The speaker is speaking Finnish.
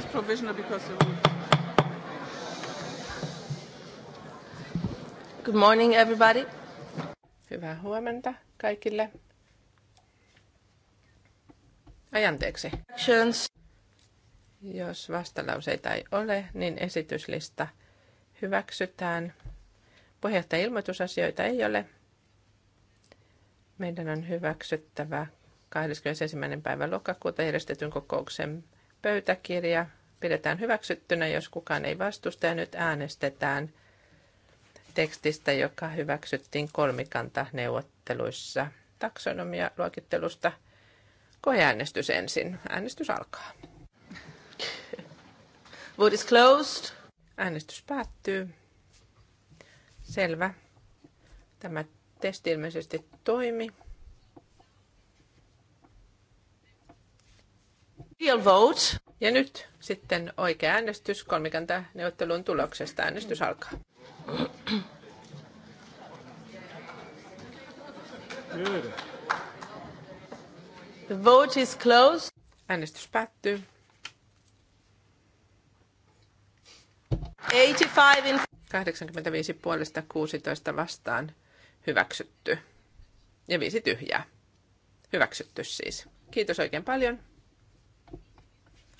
as provisional because it Good morning everybody. Hyvää huomenta kaikille. Ai anteeksi. Actions. Jos vastalauseita ei ole, niin esityslista hyväksytään. Puheenjohtajan ilmoitusasioita ei ole. Meidän on hyväksyttävä 21. päivä lokakuuta järjestetyn kokouksen Pöytäkirja pidetään hyväksyttynä, jos kukaan ei vastusta ja nyt äänestetään tekstistä, joka hyväksyttiin neuvotteluissa taksonomia luokittelusta. Koeäänestys ensin. Äänestys alkaa. Vote is closed. Äänestys päättyy. Selvä. Tämä testi ilmeisesti toimi. Real vote. Ja nyt sitten oikea äänestys kolmikanta neuvottelun tuloksesta. Äänestys alkaa. The vote is closed. Äänestys päättyy. 85 in... 85 puolesta 16 vastaan hyväksytty. Ja viisi tyhjää. Hyväksytty siis. Kiitos oikein paljon.